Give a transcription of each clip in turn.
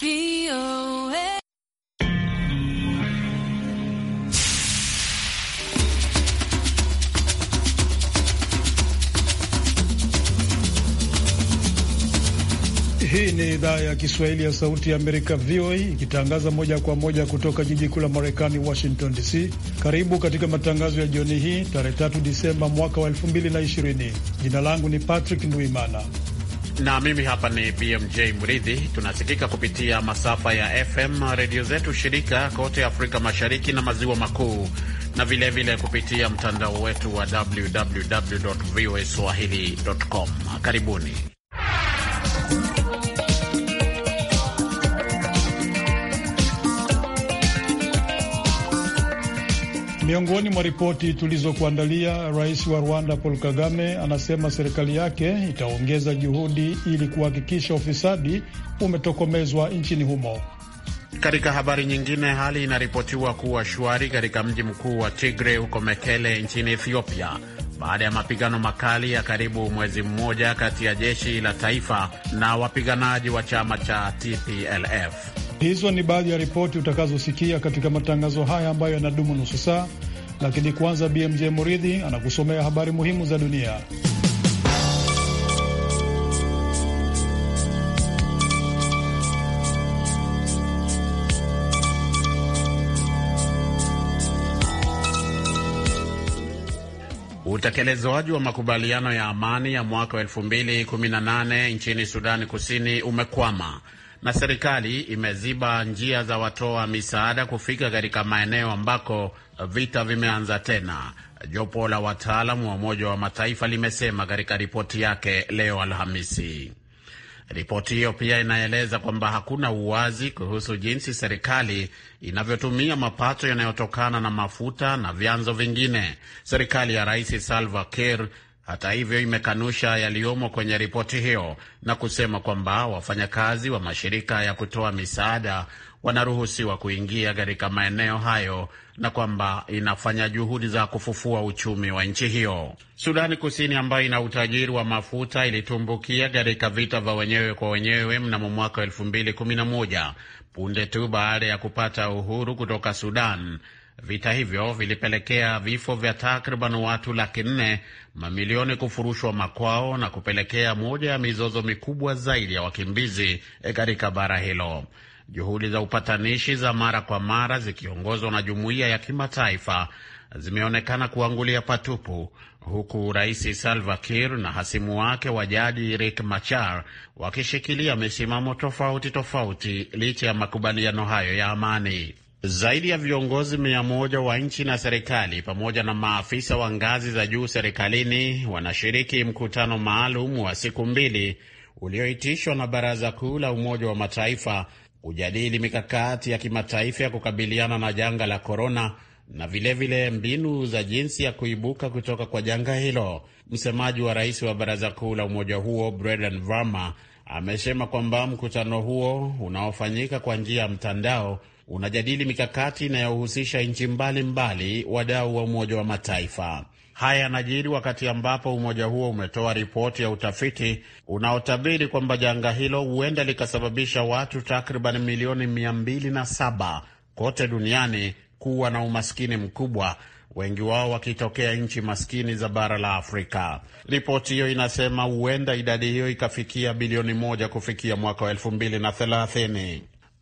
Hii ni idhaa ya Kiswahili ya Sauti ya Amerika, VOA, ikitangaza moja kwa moja kutoka jiji kuu la Marekani, Washington DC. Karibu katika matangazo ya jioni hii, tarehe 3 Disemba mwaka wa 2020. Jina langu ni Patrick nduimana na mimi hapa ni BMJ Mridhi. Tunasikika kupitia masafa ya FM redio zetu shirika kote Afrika Mashariki na Maziwa Makuu, na vilevile vile kupitia mtandao wetu wa www voa swahili com. Karibuni. Miongoni mwa ripoti tulizokuandalia, rais wa Rwanda Paul Kagame anasema serikali yake itaongeza juhudi ili kuhakikisha ufisadi umetokomezwa nchini humo. Katika habari nyingine, hali inaripotiwa kuwa shwari katika mji mkuu wa Tigre huko Mekele nchini Ethiopia baada ya mapigano makali ya karibu mwezi mmoja kati ya jeshi la taifa na wapiganaji wa chama cha TPLF. Hizo ni baadhi ya ripoti utakazosikia katika matangazo haya ambayo yanadumu nusu saa lakini kwanza BMJ Muridhi anakusomea habari muhimu za dunia. Utekelezwaji wa makubaliano ya amani ya mwaka 218 2018 nchini Sudani Kusini umekwama na serikali imeziba njia za watoa misaada kufika katika maeneo ambako vita vimeanza tena. Jopo la wataalamu wa Umoja wa Mataifa limesema katika ripoti yake leo Alhamisi. Ripoti hiyo pia inaeleza kwamba hakuna uwazi kuhusu jinsi serikali inavyotumia mapato yanayotokana na mafuta na vyanzo vingine. Serikali ya Rais Salva Kiir hata hivyo, imekanusha yaliyomo kwenye ripoti hiyo na kusema kwamba wafanyakazi wa mashirika ya kutoa misaada wanaruhusiwa kuingia katika maeneo hayo na kwamba inafanya juhudi za kufufua uchumi wa nchi hiyo. Sudani Kusini ambayo ina utajiri wa mafuta ilitumbukia katika vita vya wenyewe kwa wenyewe mnamo mwaka 2011 punde tu baada ya kupata uhuru kutoka Sudan Vita hivyo vilipelekea vifo vya takriban watu laki nne, mamilioni kufurushwa makwao na kupelekea moja ya mizozo mikubwa zaidi ya wakimbizi eh, katika bara hilo. Juhudi za upatanishi za mara kwa mara zikiongozwa na jumuiya ya kimataifa zimeonekana kuangulia patupu huku Rais Salva Kiir na hasimu wake wa jadi Riek Machar wakishikilia misimamo tofauti tofauti licha ya makubaliano hayo ya amani. Zaidi ya viongozi mia moja wa nchi na serikali pamoja na maafisa wa ngazi za juu serikalini wanashiriki mkutano maalum wa siku mbili ulioitishwa na Baraza Kuu la Umoja wa Mataifa kujadili mikakati ya kimataifa ya kukabiliana na janga la korona na vilevile vile mbinu za jinsi ya kuibuka kutoka kwa janga hilo. Msemaji wa rais wa baraza kuu la umoja huo Brendan Varma amesema kwamba mkutano huo unaofanyika kwa njia ya mtandao unajadili mikakati inayohusisha nchi mbalimbali, wadau wa Umoja wa Mataifa. Haya yanajiri wakati ambapo umoja huo umetoa ripoti ya utafiti unaotabiri kwamba janga hilo huenda likasababisha watu takriban milioni 207 kote duniani kuwa na umaskini mkubwa, wengi wao wakitokea nchi maskini za bara la Afrika. Ripoti hiyo inasema huenda idadi hiyo ikafikia bilioni moja kufikia mwaka wa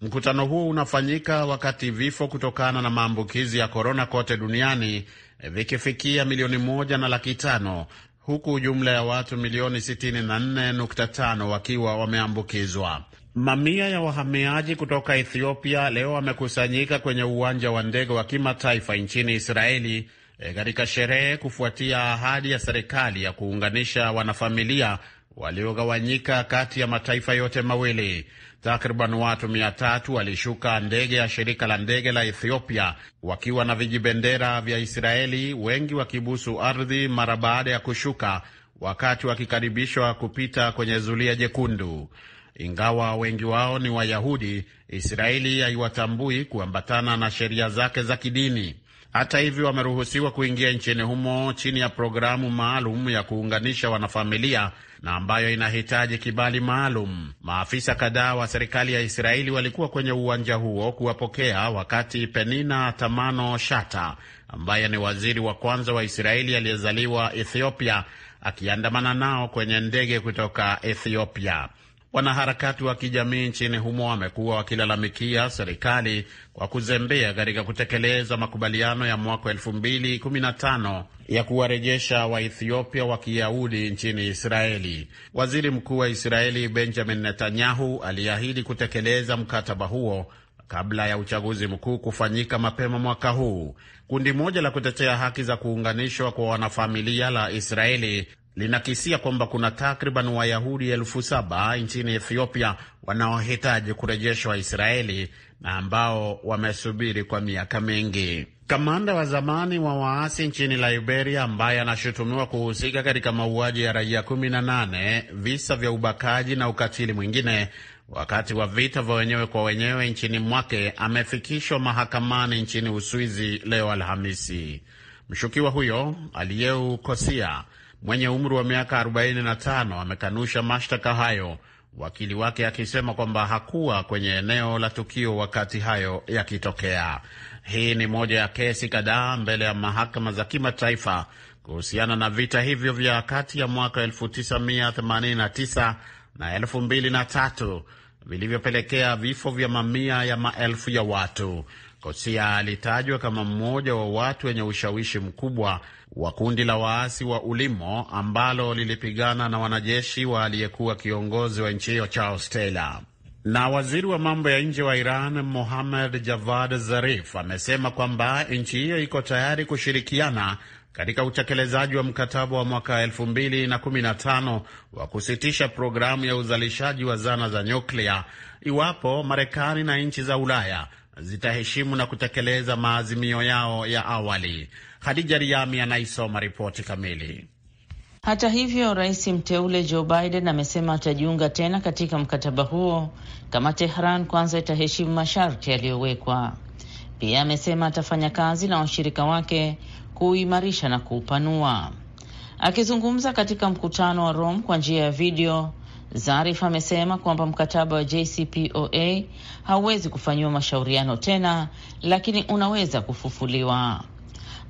Mkutano huo unafanyika wakati vifo kutokana na maambukizi ya korona kote duniani eh, vikifikia milioni moja na laki tano huku jumla ya watu milioni 64.5 wakiwa wameambukizwa. Mamia ya wahamiaji kutoka Ethiopia leo wamekusanyika kwenye uwanja wa ndege wa kimataifa nchini Israeli eh, katika e sherehe kufuatia ahadi ya serikali ya kuunganisha wanafamilia waliogawanyika kati ya mataifa yote mawili. Takriban watu mia tatu walishuka ndege ya shirika la ndege la Ethiopia wakiwa na vijibendera vya Israeli, wengi wakibusu ardhi mara baada ya kushuka, wakati wakikaribishwa kupita kwenye zulia jekundu. Ingawa wengi wao ni Wayahudi, Israeli haiwatambui kuambatana na sheria zake za kidini. Hata hivyo, wameruhusiwa kuingia nchini humo chini ya programu maalum ya kuunganisha wanafamilia na ambayo inahitaji kibali maalum. Maafisa kadhaa wa serikali ya Israeli walikuwa kwenye uwanja huo kuwapokea, wakati Penina Tamano Shata ambaye ni waziri wa kwanza wa Israeli aliyezaliwa Ethiopia akiandamana nao kwenye ndege kutoka Ethiopia. Wanaharakati wa kijamii nchini humo wamekuwa wakilalamikia serikali kwa kuzembea katika kutekeleza makubaliano ya mwaka 2015 ya kuwarejesha Waethiopia wa Kiyahudi nchini Israeli. Waziri Mkuu wa Israeli Benjamin Netanyahu aliahidi kutekeleza mkataba huo kabla ya uchaguzi mkuu kufanyika mapema mwaka huu. Kundi moja la kutetea haki za kuunganishwa kwa wanafamilia la Israeli linakisia kwamba kuna takriban Wayahudi elfu saba nchini Ethiopia wanaohitaji kurejeshwa Israeli na ambao wamesubiri kwa miaka mingi. Kamanda wa zamani wa waasi nchini Liberia ambaye anashutumiwa kuhusika katika mauaji ya raia 18, visa vya ubakaji na ukatili mwingine wakati wa vita vya wenyewe kwa wenyewe nchini mwake amefikishwa mahakamani nchini Uswizi leo Alhamisi. Mshukiwa huyo aliyeukosia mwenye umri wa miaka 45 amekanusha mashtaka hayo, wakili wake akisema kwamba hakuwa kwenye eneo la tukio wakati hayo yakitokea. Hii ni moja ya kesi kadhaa mbele ya mahakama za kimataifa kuhusiana na vita hivyo vya kati ya mwaka 1989 na 2003 vilivyopelekea vifo vya mamia ya maelfu ya watu. Kosia alitajwa kama mmoja wa watu wenye ushawishi mkubwa wa kundi la waasi wa Ulimo ambalo lilipigana na wanajeshi wa aliyekuwa kiongozi wa nchi hiyo Charles Taylor. Na waziri wa mambo ya nje wa Iran Mohammad Javad Zarif amesema kwamba nchi hiyo iko tayari kushirikiana katika utekelezaji wa mkataba wa mwaka 2015 wa kusitisha programu ya uzalishaji wa zana za nyuklia iwapo Marekani na nchi za Ulaya zitaheshimu na kutekeleza maazimio yao ya awali. hadija Riami anaisoma ripoti kamili. Hata hivyo, rais mteule Joe Biden amesema atajiunga tena katika mkataba huo kama Tehran kwanza itaheshimu masharti yaliyowekwa. Pia amesema atafanya kazi na washirika wake kuuimarisha na kuupanua. Akizungumza katika mkutano wa Rome kwa njia ya video, Zarif amesema kwamba mkataba wa JCPOA hauwezi kufanyiwa mashauriano tena, lakini unaweza kufufuliwa.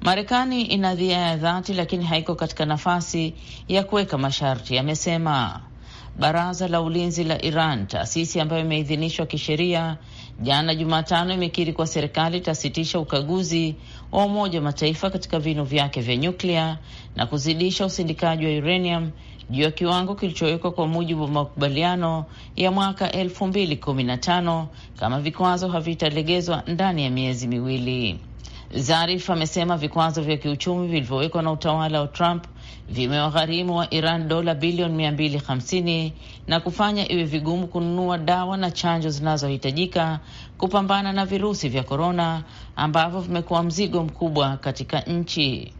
Marekani ina dhia ya dhati, lakini haiko katika nafasi ya kuweka masharti, amesema. Baraza la Ulinzi la Iran, taasisi ambayo imeidhinishwa kisheria, jana Jumatano imekiri kwa serikali itasitisha ukaguzi wa Umoja wa Mataifa katika vinu vyake vya nyuklia na kuzidisha usindikaji wa uranium juu ya kiwango kilichowekwa kwa mujibu wa makubaliano ya mwaka 2015 kama vikwazo havitalegezwa ndani ya miezi miwili. Zarif amesema vikwazo vya kiuchumi vilivyowekwa na utawala wa Trump vimewagharimu wa Iran dola bilioni 250 na kufanya iwe vigumu kununua dawa na chanjo zinazohitajika kupambana na virusi vya korona ambavyo vimekuwa mzigo mkubwa katika nchi.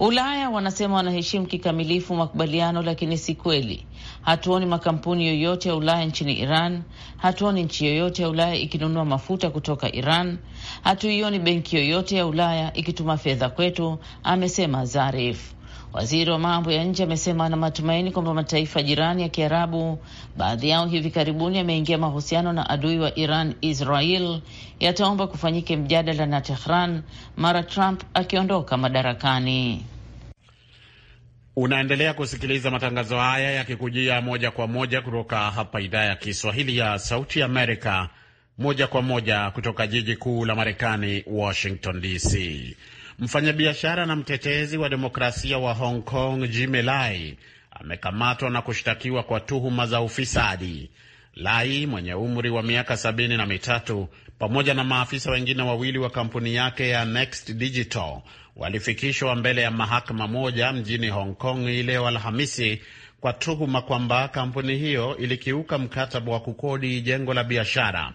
Ulaya wanasema wanaheshimu kikamilifu makubaliano, lakini si kweli. Hatuoni makampuni yoyote ya Ulaya nchini Iran, hatuoni nchi yoyote ya Ulaya ikinunua mafuta kutoka Iran, hatuioni benki yoyote ya Ulaya ikituma fedha kwetu, amesema Zarif. Waziri wa mambo ya nje amesema ana matumaini kwamba mataifa jirani ya Kiarabu, baadhi yao hivi karibuni yameingia mahusiano na adui wa Iran, Israel, yataomba kufanyike mjadala na Tehran mara Trump akiondoka madarakani. Unaendelea kusikiliza matangazo haya yakikujia moja kwa moja kutoka hapa idhaa ya Kiswahili ya Sauti Amerika, moja kwa moja kutoka jiji kuu la Marekani, Washington DC. Mfanyabiashara na mtetezi wa demokrasia wa Hong Kong Jimmy Lai amekamatwa na kushtakiwa kwa tuhuma za ufisadi. Lai mwenye umri wa miaka sabini na mitatu pamoja na maafisa wengine wawili wa kampuni yake ya Next Digital walifikishwa mbele ya mahakama moja mjini Hong Kong leo Alhamisi kwa tuhuma kwamba kampuni hiyo ilikiuka mkataba wa kukodi jengo la biashara.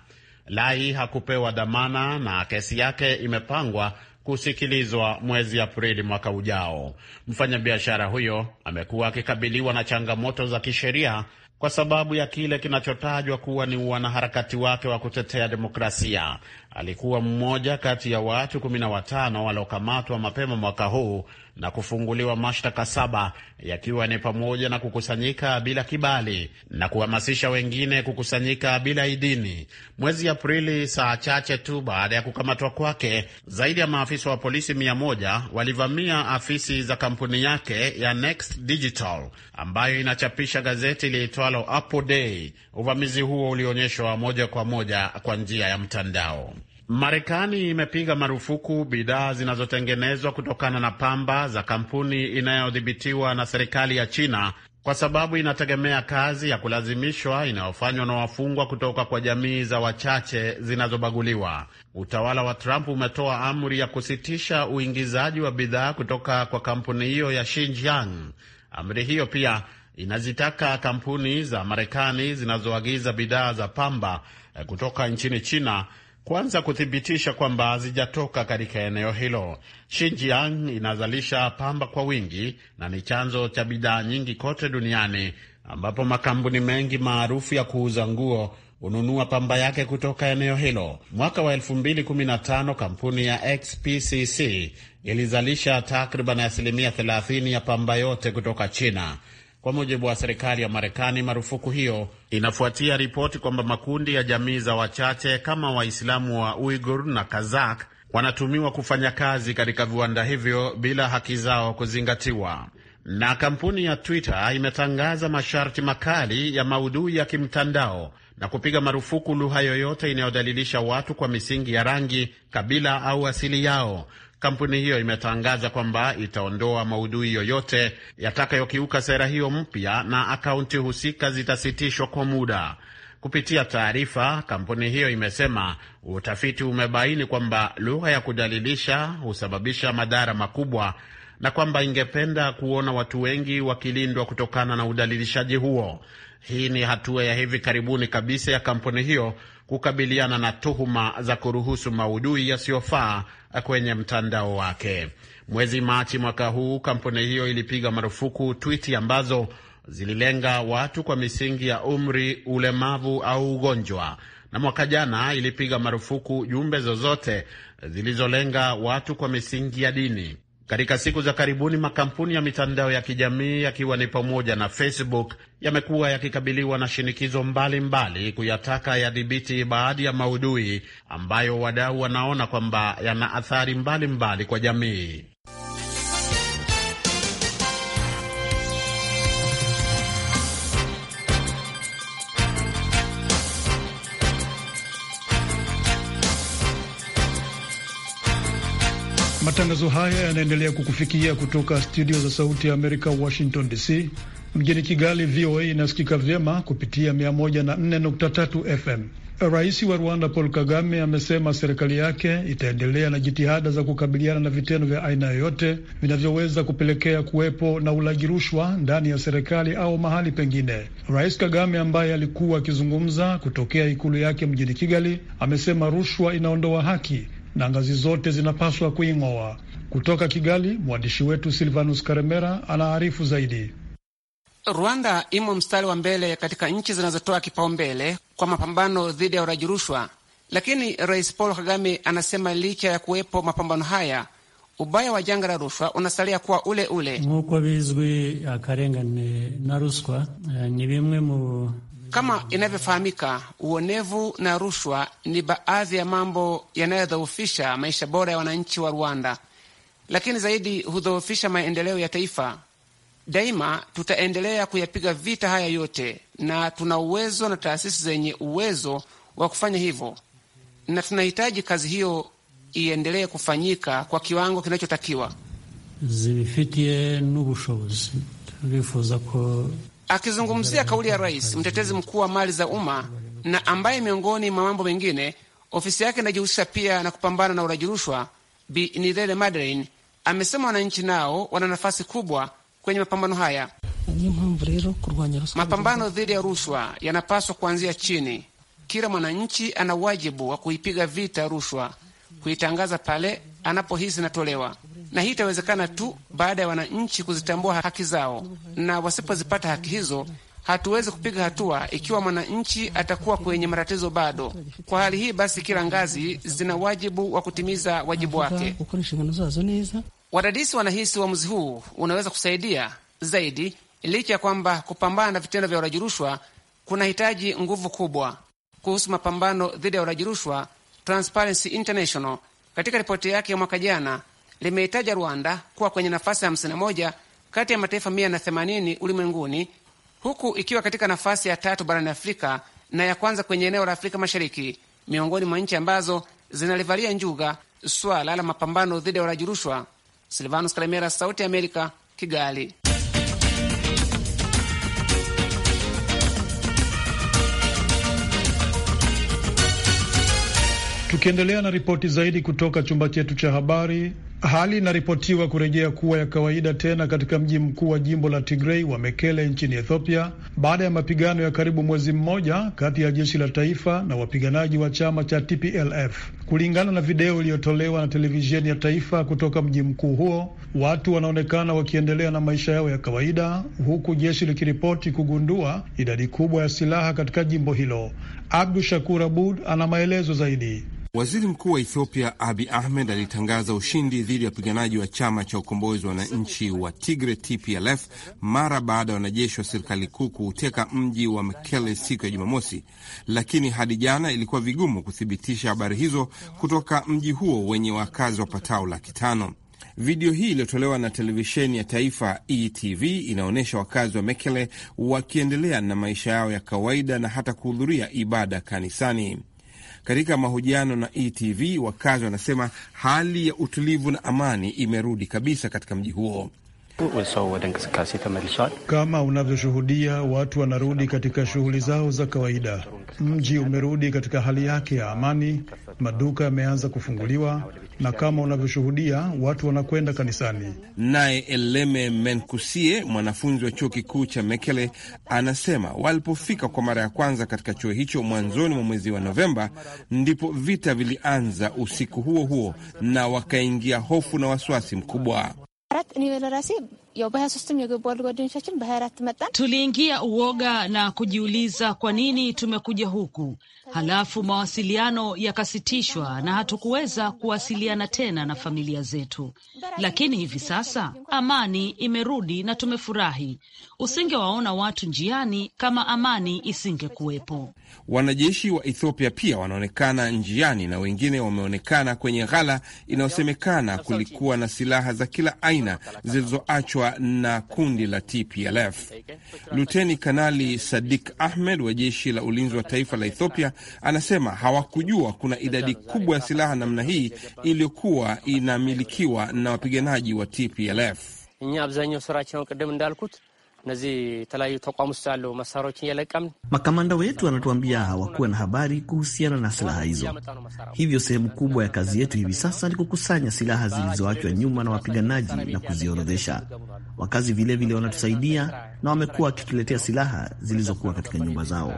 Lai hakupewa dhamana na kesi yake imepangwa kusikilizwa mwezi Aprili mwaka ujao. Mfanyabiashara huyo amekuwa akikabiliwa na changamoto za kisheria kwa sababu ya kile kinachotajwa kuwa ni wanaharakati wake wa kutetea demokrasia alikuwa mmoja kati ya watu 15 waliokamatwa mapema mwaka huu na kufunguliwa mashtaka saba yakiwa ni pamoja na kukusanyika bila kibali na kuhamasisha wengine kukusanyika bila idini Mwezi Aprili, saa chache tu baada ya kukamatwa kwake, zaidi ya maafisa wa polisi mia moja walivamia afisi za kampuni yake ya Next Digital ambayo inachapisha gazeti liitwalo Apple Day. Uvamizi huo ulionyeshwa moja kwa moja kwa njia ya mtandao. Marekani imepiga marufuku bidhaa zinazotengenezwa kutokana na pamba za kampuni inayodhibitiwa na serikali ya China kwa sababu inategemea kazi ya kulazimishwa inayofanywa na wafungwa kutoka kwa jamii za wachache zinazobaguliwa. Utawala wa Trump umetoa amri ya kusitisha uingizaji wa bidhaa kutoka kwa kampuni hiyo ya Xinjiang. Amri hiyo pia inazitaka kampuni za Marekani zinazoagiza bidhaa za pamba eh, kutoka nchini China kwanza kuthibitisha kwamba hazijatoka katika eneo hilo. Xinjiang inazalisha pamba kwa wingi na ni chanzo cha bidhaa nyingi kote duniani, ambapo makampuni mengi maarufu ya kuuza nguo hununua pamba yake kutoka eneo hilo. Mwaka wa 2015 kampuni ya XPCC ilizalisha takriban asilimia 30 ya pamba yote kutoka China. Kwa mujibu wa serikali ya Marekani, marufuku hiyo inafuatia ripoti kwamba makundi ya jamii za wachache kama Waislamu wa Uigur na kazak wanatumiwa kufanya kazi katika viwanda hivyo bila haki zao kuzingatiwa. Na kampuni ya Twitter imetangaza masharti makali ya maudhui ya kimtandao na kupiga marufuku lugha yoyote inayodalilisha watu kwa misingi ya rangi, kabila au asili yao, kampuni hiyo imetangaza kwamba itaondoa maudhui yoyote yatakayokiuka sera hiyo mpya na akaunti husika zitasitishwa kwa muda. Kupitia taarifa, kampuni hiyo imesema utafiti umebaini kwamba lugha ya kudalilisha husababisha madhara makubwa na kwamba ingependa kuona watu wengi wakilindwa kutokana na udalilishaji huo. Hii ni hatua ya hivi karibuni kabisa ya kampuni hiyo kukabiliana na tuhuma za kuruhusu maudui yasiyofaa kwenye mtandao wake. Mwezi Machi mwaka huu, kampuni hiyo ilipiga marufuku twiti ambazo zililenga watu kwa misingi ya umri, ulemavu au ugonjwa, na mwaka jana ilipiga marufuku jumbe zozote zilizolenga watu kwa misingi ya dini. Katika siku za karibuni makampuni ya mitandao ya kijamii yakiwa ni pamoja na Facebook yamekuwa yakikabiliwa na shinikizo mbalimbali mbali kuyataka yadhibiti baadhi ya maudhui ambayo wadau wanaona kwamba yana athari mbalimbali mbali kwa jamii. Matangazo haya yanaendelea kukufikia kutoka studio za Sauti ya Amerika, Washington DC. Mjini Kigali, VOA inasikika vyema kupitia 104.3 FM. Rais wa Rwanda Paul Kagame amesema serikali yake itaendelea na jitihada za kukabiliana na vitendo vya aina yoyote vinavyoweza kupelekea kuwepo na ulaji rushwa ndani ya serikali au mahali pengine. Rais Kagame ambaye alikuwa akizungumza kutokea ikulu yake mjini Kigali amesema rushwa inaondoa haki na ngazi zote zinapaswa kuing'oa. Kutoka Kigali, mwandishi wetu Silvanus Karemera anaarifu zaidi. Rwanda imo mstari wa mbele katika nchi zinazotoa kipaumbele kwa mapambano dhidi ya uraji rushwa, lakini Rais Paul Kagame anasema licha ya kuwepo mapambano haya, ubaya wa janga la rushwa unasalia kuwa ule ule. nkuko bizwi akarengane na ruswa eh, ni bimwe mu kama inavyofahamika, uonevu na rushwa ni baadhi ya mambo yanayodhoofisha maisha bora ya wananchi wa Rwanda, lakini zaidi hudhoofisha maendeleo ya taifa. Daima tutaendelea kuyapiga vita haya yote, na tuna uwezo na taasisi zenye uwezo wa kufanya hivyo, na tunahitaji kazi hiyo iendelee kufanyika kwa kiwango kinachotakiwa. Akizungumzia kauli ya rais, mtetezi mkuu wa mali za umma na ambaye miongoni mwa mambo mengine ofisi yake inajihusisha pia na kupambana na ulaji rushwa, Bi Nirere Madeline amesema wananchi nao wana nafasi kubwa kwenye mapambano haya. Mapambano dhidi ya rushwa yanapaswa kuanzia chini. Kila mwananchi ana wajibu wa kuipiga vita rushwa, kuitangaza pale anapohisi inatolewa na hii itawezekana tu baada ya wananchi kuzitambua haki zao, na wasipozipata haki hizo hatuwezi kupiga hatua ikiwa mwananchi atakuwa kwenye matatizo bado. Kwa hali hii basi, kila ngazi zina wajibu wa kutimiza wajibu wake. Wadadisi wanahisi uamuzi wa huu unaweza kusaidia zaidi, licha ya kwamba kupambana na vitendo vya ulaji rushwa kunahitaji nguvu kubwa. Kuhusu mapambano dhidi ya ulaji rushwa, Transparency International katika ripoti yake ya mwaka jana limeitaja Rwanda kuwa kwenye nafasi ya 51 kati ya mataifa 180 ulimwenguni, huku ikiwa katika nafasi ya tatu barani Afrika na ya kwanza kwenye eneo la Afrika Mashariki, miongoni mwa nchi ambazo zinalivalia njuga swala la mapambano dhidi ya ulaji rushwa. Silvanus Kalemera, Sauti ya Amerika, Kigali. Tukiendelea na ripoti zaidi kutoka chumba chetu cha habari, Hali inaripotiwa kurejea kuwa ya kawaida tena katika mji mkuu wa jimbo la Tigrei wa Mekele nchini Ethiopia baada ya mapigano ya karibu mwezi mmoja kati ya jeshi la taifa na wapiganaji wa chama cha TPLF. Kulingana na video iliyotolewa na televisheni ya taifa kutoka mji mkuu huo, watu wanaonekana wakiendelea na maisha yao ya kawaida, huku jeshi likiripoti kugundua idadi kubwa ya silaha katika jimbo hilo. Abdu Shakur Abud ana maelezo zaidi. Waziri Mkuu wa Ethiopia Abi Ahmed alitangaza ushindi dhidi ya wapiganaji wa chama cha ukombozi wa wananchi wa Tigre, TPLF, mara baada ya wanajeshi wa serikali kuu kuuteka mji wa Mekele siku ya Jumamosi, lakini hadi jana ilikuwa vigumu kuthibitisha habari hizo kutoka mji huo wenye wakazi wapatao laki tano. Video hii iliyotolewa na televisheni ya taifa ETV inaonyesha wakazi wa Mekele wakiendelea na maisha yao ya kawaida na hata kuhudhuria ibada kanisani. Katika mahojiano na ETV, wakazi wanasema hali ya utulivu na amani imerudi kabisa katika mji huo. ሰው ወደ እንቅስቃሴ ተመልሷል። Kama unavyoshuhudia watu wanarudi katika shughuli zao za kawaida. Mji umerudi katika hali yake ya amani, maduka yameanza kufunguliwa na kama unavyoshuhudia watu wanakwenda kanisani. Naye Eleme Menkusie, mwanafunzi wa chuo kikuu cha Mekele, anasema walipofika kwa mara ya kwanza katika chuo hicho mwanzoni mwa mwezi wa Novemba, ndipo vita vilianza usiku huo huo, na wakaingia hofu na wasiwasi mkubwa. nivel ያው በሀያ ሶስትም የገቡ አሉ ጓደኞቻችን በሀያ አራት መጣን። Tuliingia uoga na kujiuliza kwa nini tumekuja huku, halafu mawasiliano yakasitishwa na hatukuweza kuwasiliana tena na familia zetu, lakini hivi sasa amani imerudi na tumefurahi. Usingewaona watu njiani kama amani isinge kuwepo Wanajeshi wa Ethiopia pia wanaonekana njiani na wengine wameonekana kwenye ghala inayosemekana kulikuwa na silaha za kila aina zilizoachwa kukamatwa na kundi la TPLF. Luteni Kanali Sadik Ahmed wa jeshi la ulinzi wa taifa la Ethiopia anasema hawakujua kuna idadi kubwa ya silaha namna hii iliyokuwa inamilikiwa na wapiganaji wa TPLF. እነዚህ የተለያዩ ተቋም ውስጥ ያሉ መሳሪያዎችን እየለቀምን ማካማንዳ wetu anatuambia hawakuwa na habari kuhusiana na silaha hizo. Hivyo sehemu kubwa ya kazi yetu hivi sasa ni kukusanya silaha zilizoachwa nyuma na wapiganaji na kuziorodhesha. Wakazi vilevile vile wanatusaidia na wamekuwa wakituletea silaha zilizokuwa katika nyumba zao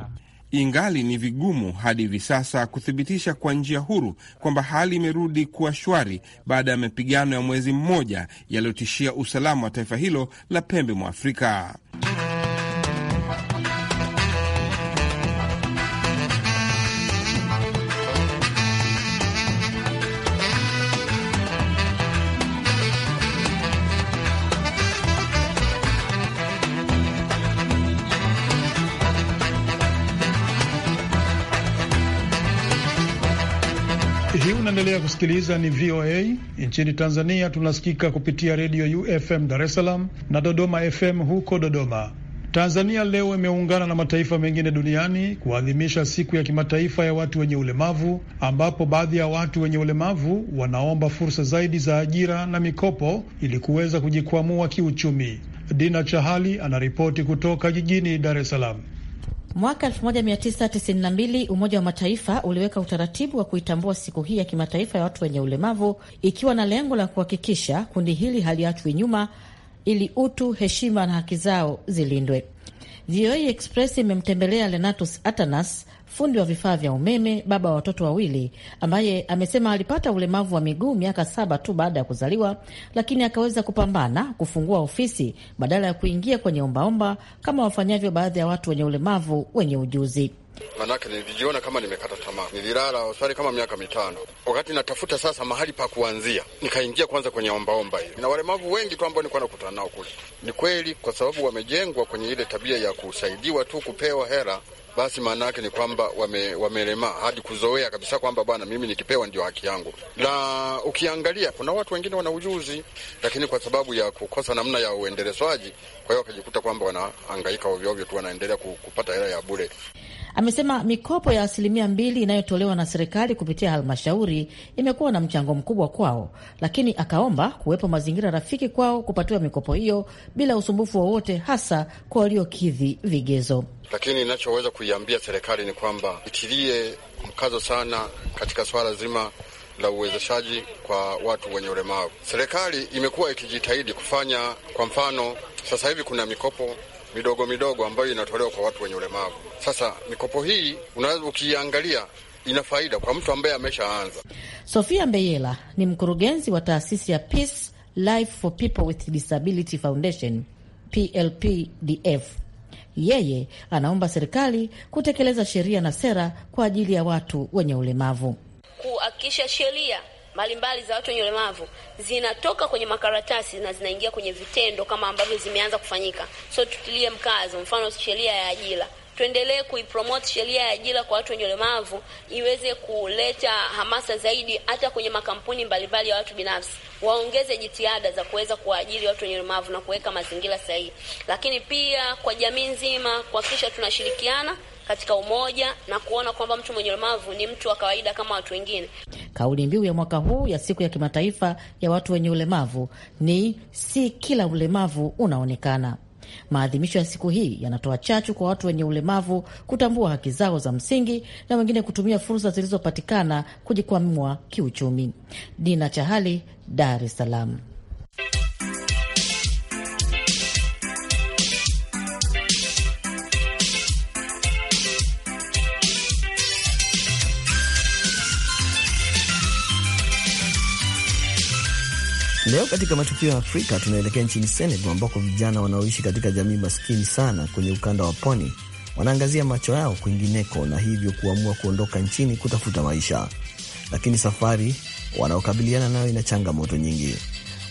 ingali ni vigumu hadi hivi sasa kuthibitisha kwa njia huru kwamba hali imerudi kuwa shwari baada ya mapigano ya mwezi mmoja yaliyotishia usalama wa taifa hilo la pembe mwa Afrika. hii unaendelea kusikiliza ni VOA. Nchini Tanzania tunasikika kupitia redio UFM Dar es Salaam na Dodoma FM huko Dodoma. Tanzania leo imeungana na mataifa mengine duniani kuadhimisha siku ya kimataifa ya watu wenye ulemavu, ambapo baadhi ya watu wenye ulemavu wanaomba fursa zaidi za ajira na mikopo ili kuweza kujikwamua kiuchumi. Dina Chahali anaripoti kutoka jijini Dar es Salaam. Mwaka 1992 Umoja wa Mataifa uliweka utaratibu wa kuitambua siku hii ya kimataifa ya watu wenye ulemavu ikiwa na lengo la kuhakikisha kundi hili haliachwi nyuma ili utu, heshima na haki zao zilindwe. VOA Express imemtembelea Lenatus Atanas, fundi wa vifaa vya umeme, baba wa watoto wawili, ambaye amesema alipata ulemavu wa miguu miaka saba tu baada ya kuzaliwa, lakini akaweza kupambana kufungua ofisi badala ya kuingia kwenye ombaomba kama wafanyavyo baadhi ya watu wenye ulemavu wenye ujuzi. Manake nilijiona kama nimekata tamaa, nililala hospitali kama miaka mitano. Wakati natafuta sasa mahali pa kuanzia, nikaingia kwanza kwenye ombaomba hiyo, na walemavu wengi tu ambao nilikuwa nakutana nao kule. Ni kweli, kwa sababu wamejengwa kwenye ile tabia ya kusaidiwa tu, kupewa hela basi maana yake ni kwamba wame, wamelemaa hadi kuzoea kabisa kwamba bwana, mimi nikipewa ndio haki yangu. Na ukiangalia kuna watu wengine wana ujuzi, lakini kwa sababu ya kukosa namna ya uendelezwaji, kwa hiyo wakajikuta kwamba wanaangaika ovyoovyo tu, wanaendelea kupata hela ya bure. Amesema mikopo ya asilimia mbili inayotolewa na serikali kupitia halmashauri imekuwa na mchango mkubwa kwao, lakini akaomba kuwepo mazingira rafiki kwao kupatiwa mikopo hiyo bila usumbufu wowote, hasa kwa waliokidhi vigezo. Lakini inachoweza kuiambia serikali ni kwamba itilie mkazo sana katika swala zima la uwezeshaji kwa watu wenye ulemavu. Serikali imekuwa ikijitahidi kufanya, kwa mfano sasa hivi kuna mikopo midogo midogo ambayo inatolewa kwa watu wenye ulemavu. Sasa mikopo hii unaweza ukiiangalia ina faida kwa mtu ambaye ameshaanza. Sofia Mbeyela ni mkurugenzi wa taasisi ya Peace Life for People with Disability Foundation, PLPDF. Yeye anaomba serikali kutekeleza sheria na sera kwa ajili ya watu wenye ulemavu, kuhakikisha sheria mbalimbali za watu wenye ulemavu zinatoka kwenye makaratasi na zinaingia kwenye vitendo kama ambavyo zimeanza kufanyika. So tutilie mkazo, mfano sheria ya ajira tuendelee kuipromote sheria ya ajira kwa watu wenye ulemavu iweze kuleta hamasa zaidi, hata kwenye makampuni mbalimbali ya watu binafsi waongeze jitihada za kuweza kuwaajiri watu wenye ulemavu na kuweka mazingira sahihi. Lakini pia kwa jamii nzima kuhakikisha tunashirikiana katika umoja na kuona kwamba mtu mwenye ulemavu ni mtu wa kawaida kama watu wengine. Kauli mbiu ya mwaka huu ya siku ya kimataifa ya watu wenye ulemavu ni si kila ulemavu unaonekana. Maadhimisho ya siku hii yanatoa chachu kwa watu wenye ulemavu kutambua haki zao za msingi na wengine kutumia fursa zilizopatikana kujikwamua kiuchumi. Dina Chahali, Dar es Salaam. Leo katika matukio ya Afrika tunaelekea nchini Senegal ambako vijana wanaoishi katika jamii maskini sana kwenye ukanda wa pwani wanaangazia macho yao kwingineko na hivyo kuamua kuondoka nchini kutafuta maisha, lakini safari wanaokabiliana nayo ina changamoto nyingi.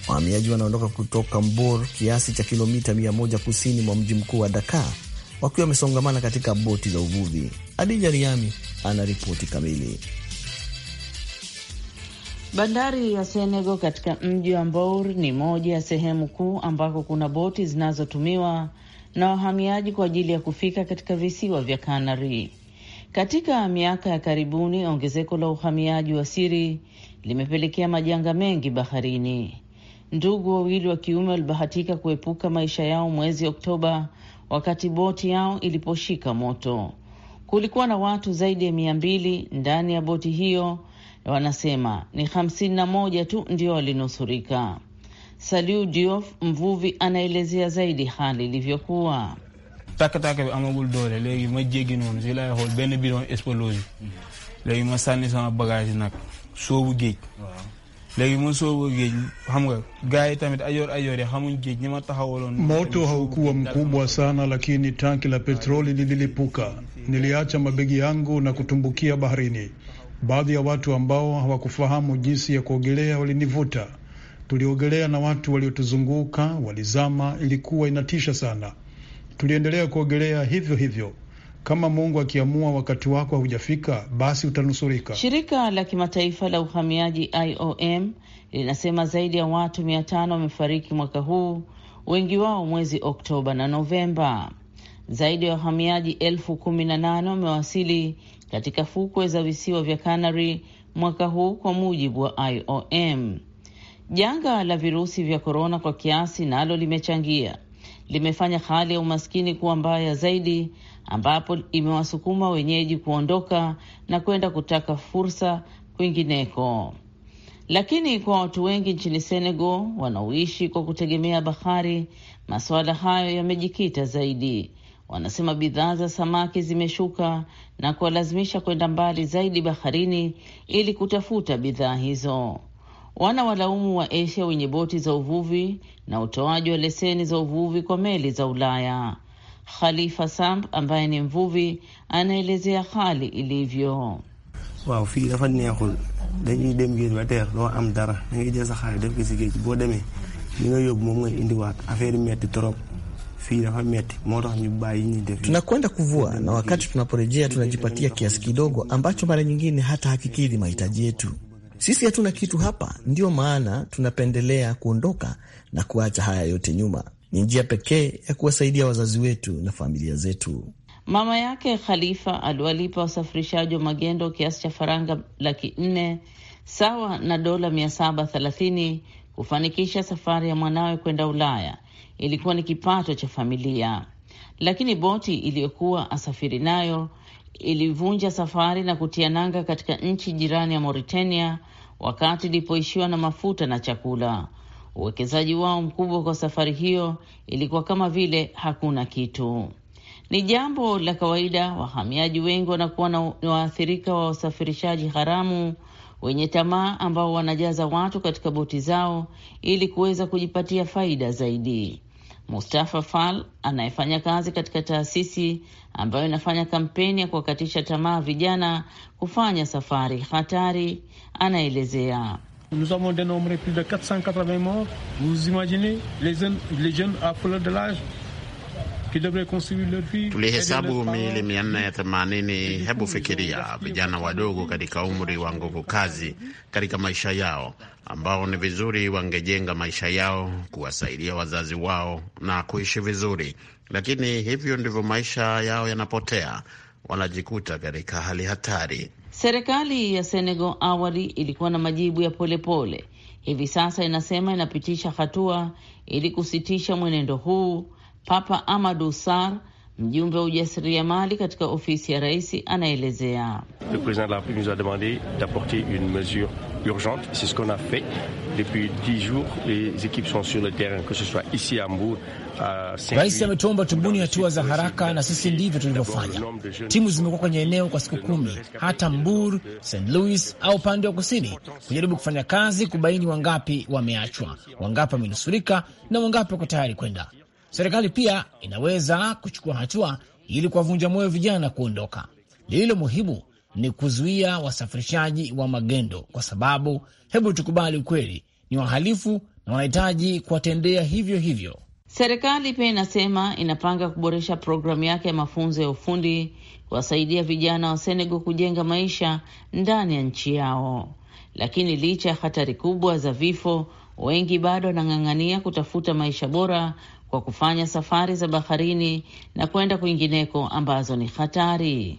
Wahamiaji wanaondoka kutoka Mbor, kiasi cha kilomita 1 kusini mwa mji mkuu wa Dakar, wakiwa wamesongamana katika boti za uvuvi. Adija Riami ana ripoti kamili. Bandari ya Senegal katika mji wa Mbour ni moja ya sehemu kuu ambako kuna boti zinazotumiwa na wahamiaji kwa ajili ya kufika katika visiwa vya Kanari. Katika miaka ya karibuni, ongezeko la uhamiaji wa siri limepelekea majanga mengi baharini. Ndugu wawili wa kiume walibahatika kuepuka maisha yao mwezi Oktoba wakati boti yao iliposhika moto. Kulikuwa na watu zaidi ya mia mbili ndani ya boti hiyo wanasema ni hamsini na moja tu ndio walinusurika. Saliu Diof, mvuvi, anaelezea zaidi hali ilivyokuwa. takataka amagul dole léegi ma jéggi noonu si benn bidon explose léegi ma sànni sama bagage nak sobu geej legi ma sobu geej xam nga gars yi tamit ayoor ayoor yi xamuñ geej ñi ma taxawaloon. Moto haukuwa mkubwa sana, lakini tanki la petroli lililipuka. Niliacha mabegi yangu na kutumbukia baharini. Baadhi ya watu ambao hawakufahamu jinsi ya kuogelea walinivuta. Tuliogelea na watu waliotuzunguka walizama, ilikuwa inatisha sana. Tuliendelea kuogelea hivyo hivyo. Kama Mungu akiamua wakati wako haujafika basi utanusurika. Shirika la kimataifa la uhamiaji IOM linasema zaidi ya watu mia tano wamefariki mwaka huu, wengi wao mwezi Oktoba na Novemba. Zaidi ya wahamiaji elfu kumi na nane wamewasili katika fukwe za visiwa vya Canary mwaka huu kwa mujibu wa IOM. Janga la virusi vya korona kwa kiasi nalo limechangia, limefanya hali ya umaskini kuwa mbaya zaidi, ambapo imewasukuma wenyeji kuondoka na kwenda kutaka fursa kwingineko. Lakini kwa watu wengi nchini Senegal wanaoishi kwa kutegemea bahari, masuala hayo yamejikita zaidi wanasema bidhaa za samaki zimeshuka na kuwalazimisha kwenda mbali zaidi baharini ili kutafuta bidhaa hizo. Wana walaumu wa Asia wenye boti za uvuvi na utoaji wa leseni za uvuvi kwa meli za Ulaya. Khalifa Samp ambaye ni mvuvi anaelezea hali ilivyo. waaw dafa neexul dañuy dem ba teex doo am dara da ngay jël sa xaalis def ko si géej boo demee li nga yóbbu moom ngay indiwaat affaire yi metti trop Tunakwenda kuvua na wakati tunaporejea tunajipatia kiasi kidogo ambacho mara nyingine hata hakikidhi mahitaji yetu. Sisi hatuna kitu hapa, ndiyo maana tunapendelea kuondoka na kuacha haya yote nyuma. Ni njia pekee ya kuwasaidia wazazi wetu na familia zetu. Mama yake Khalifa aliwalipa wasafirishaji wa magendo kiasi cha faranga laki nne sawa na dola mia saba thelathini kufanikisha safari ya mwanawe kwenda Ulaya ilikuwa ni kipato cha familia, lakini boti iliyokuwa asafiri nayo ilivunja safari na kutia nanga katika nchi jirani ya Mauritania wakati ilipoishiwa na mafuta na chakula. Uwekezaji wao mkubwa kwa safari hiyo ilikuwa kama vile hakuna kitu. Ni jambo la kawaida, wahamiaji wengi wanakuwa na waathirika wa usafirishaji haramu wenye tamaa ambao wanajaza watu katika boti zao ili kuweza kujipatia faida zaidi. Mustafa Fall anayefanya kazi katika taasisi ambayo inafanya kampeni ya kuwakatisha tamaa vijana kufanya safari hatari, anaelezea Tulihesabu miili mia nne ya themanini. Hebu fikiria vijana wadogo katika umri wa nguvu kazi katika maisha yao, ambao ni vizuri wangejenga maisha yao, kuwasaidia wazazi wao na kuishi vizuri, lakini hivyo ndivyo maisha yao yanapotea, wanajikuta katika hali hatari. Serikali ya Senegal awali ilikuwa na majibu ya polepole pole. Hivi sasa inasema inapitisha hatua ili kusitisha mwenendo huu Papa Amadou Sar, mjumbe wa ujasiriamali katika ofisi ya rais, anaelezea. Rais ametuomba tubuni hatua za haraka, na sisi ndivyo tulivyofanya. Timu zimekuwa kwenye eneo kwa siku kumi, hata Mbur, St Louis au upande wa kusini, kujaribu kufanya kazi kubaini wangapi wameachwa, wangapi wamenusurika na wangapi wako tayari kwenda Serikali pia inaweza kuchukua hatua ili kuwavunja moyo vijana kuondoka. Lililo muhimu ni kuzuia wasafirishaji wa magendo, kwa sababu hebu tukubali ukweli, ni wahalifu na wanahitaji kuwatendea hivyo hivyo. Serikali pia inasema inapanga kuboresha programu yake ya mafunzo ya ufundi kuwasaidia vijana wa Senegal kujenga maisha ndani ya nchi yao. Lakini licha ya hatari kubwa za vifo, wengi bado wanang'ang'ania kutafuta maisha bora kwa kufanya safari za baharini na kwenda kwingineko ambazo ni hatari.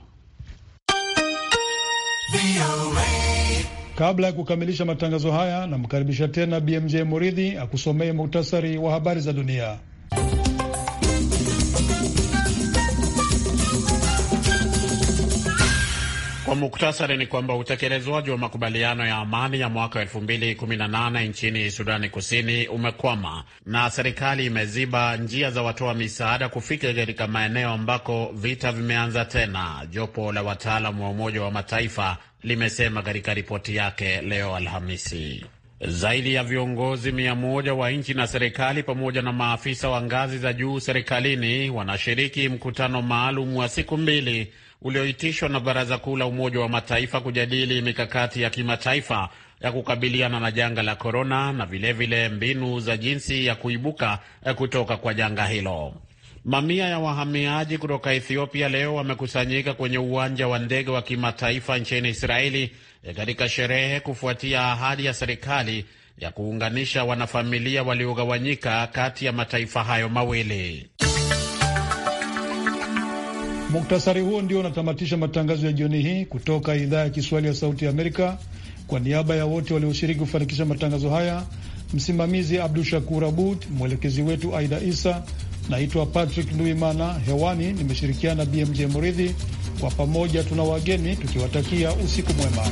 Kabla ya kukamilisha matangazo haya, namkaribisha tena BMJ Muridhi akusomee muktasari wa habari za dunia. Kwa muktasari ni kwamba utekelezwaji wa makubaliano ya amani ya mwaka 2018 nchini Sudani Kusini umekwama na serikali imeziba njia za watoa misaada kufika katika maeneo ambako vita vimeanza tena, jopo la wataalam wa Umoja wa Mataifa limesema katika ripoti yake leo Alhamisi. Zaidi ya viongozi mia moja wa nchi na serikali pamoja na maafisa wa ngazi za juu serikalini wanashiriki mkutano maalum wa siku mbili ulioitishwa na Baraza Kuu la Umoja wa Mataifa kujadili mikakati ya kimataifa ya kukabiliana na janga la korona na vilevile vile mbinu za jinsi ya kuibuka eh, kutoka kwa janga hilo. Mamia ya wahamiaji kutoka Ethiopia leo wamekusanyika kwenye uwanja wa ndege wa kimataifa nchini Israeli eh, katika sherehe kufuatia ahadi ya serikali ya kuunganisha wanafamilia waliogawanyika kati ya mataifa hayo mawili. Muktasari huo ndio unatamatisha matangazo ya jioni hii kutoka idhaa ya Kiswahili ya Sauti ya Amerika. Kwa niaba ya wote walioshiriki kufanikisha matangazo haya, msimamizi Abdu Shakur Abud, mwelekezi wetu Aida Isa. Naitwa Patrick Nduimana, hewani nimeshirikiana BMJ Muridhi. Kwa pamoja tuna wageni tukiwatakia usiku mwema.